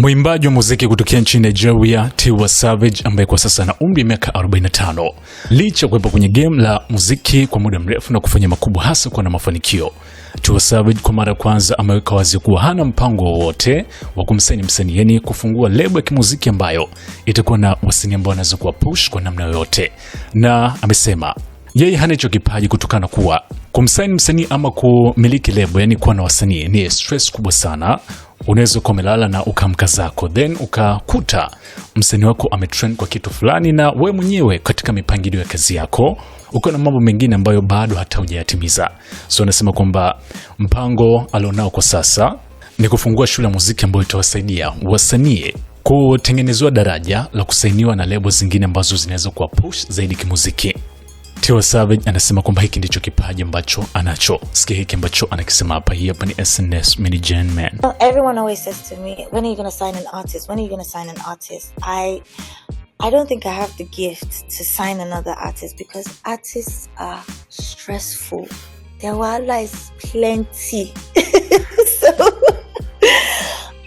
Mwimbaji wa muziki kutokea nchini Nigeria Tiwa Savage ambaye kwa sasa ana umri wa miaka 45, licha kuwepo kwenye game la muziki kwa muda mrefu na kufanya makubwa hasa kuwa na mafanikio, Tiwa Savage kwa mara ya kwanza ameweka wazi kuwa hana mpango wowote wa kumsaini msanii, kufungua lebo ya kimuziki ambayo itakuwa na wasanii ambao wanaweza kuwa push kwa namna yoyote, na amesema yeye hana hicho kipaji kutokana kuwa kumsaini msanii ama kumiliki lebo, yani kuwa na wasanii ni stress kubwa sana unaweza ukawa umelala na ukaamka zako, then ukakuta msanii wako ametrend kwa kitu fulani, na we mwenyewe katika mipangilio ya kazi yako ukiwa na mambo mengine ambayo bado hata hujayatimiza. So anasema kwamba mpango alionao kwa sasa ni kufungua shule ya muziki ambayo itawasaidia wasanii kutengenezewa daraja la kusainiwa na lebo zingine ambazo zinaweza kuwa push zaidi kimuziki. Tiwa Savage anasema kwamba hiki ndicho kipaji ambacho anacho. Sikia hiki ambacho anakisema hapa. Hii hapa ni SNS Mini Gen Man. Well, everyone always says to me, when are you going to sign an artist? When are you going to sign an artist? I I don't think I have the gift to sign another artist because artists are stressful. Their wala is plenty. so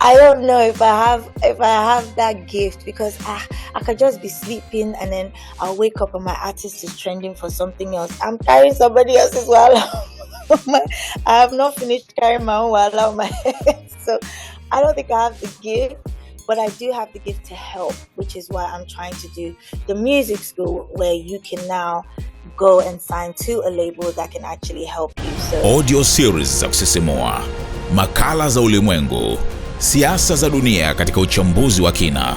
I don't know if I have if I have that gift because I ah, I could just be sleeping and then I'll wake up and my artist is trending for something else. I'm carrying somebody else's wallet. I have not finished carrying my own wallet on my head. So I don't think I have the gift, but I do have the gift to help, which is why I'm trying to do the music school where you can now go and sign to a label that can actually help you. So, audio series za kusisimua, makala za ulimwengu, siasa za dunia katika uchambuzi wa kina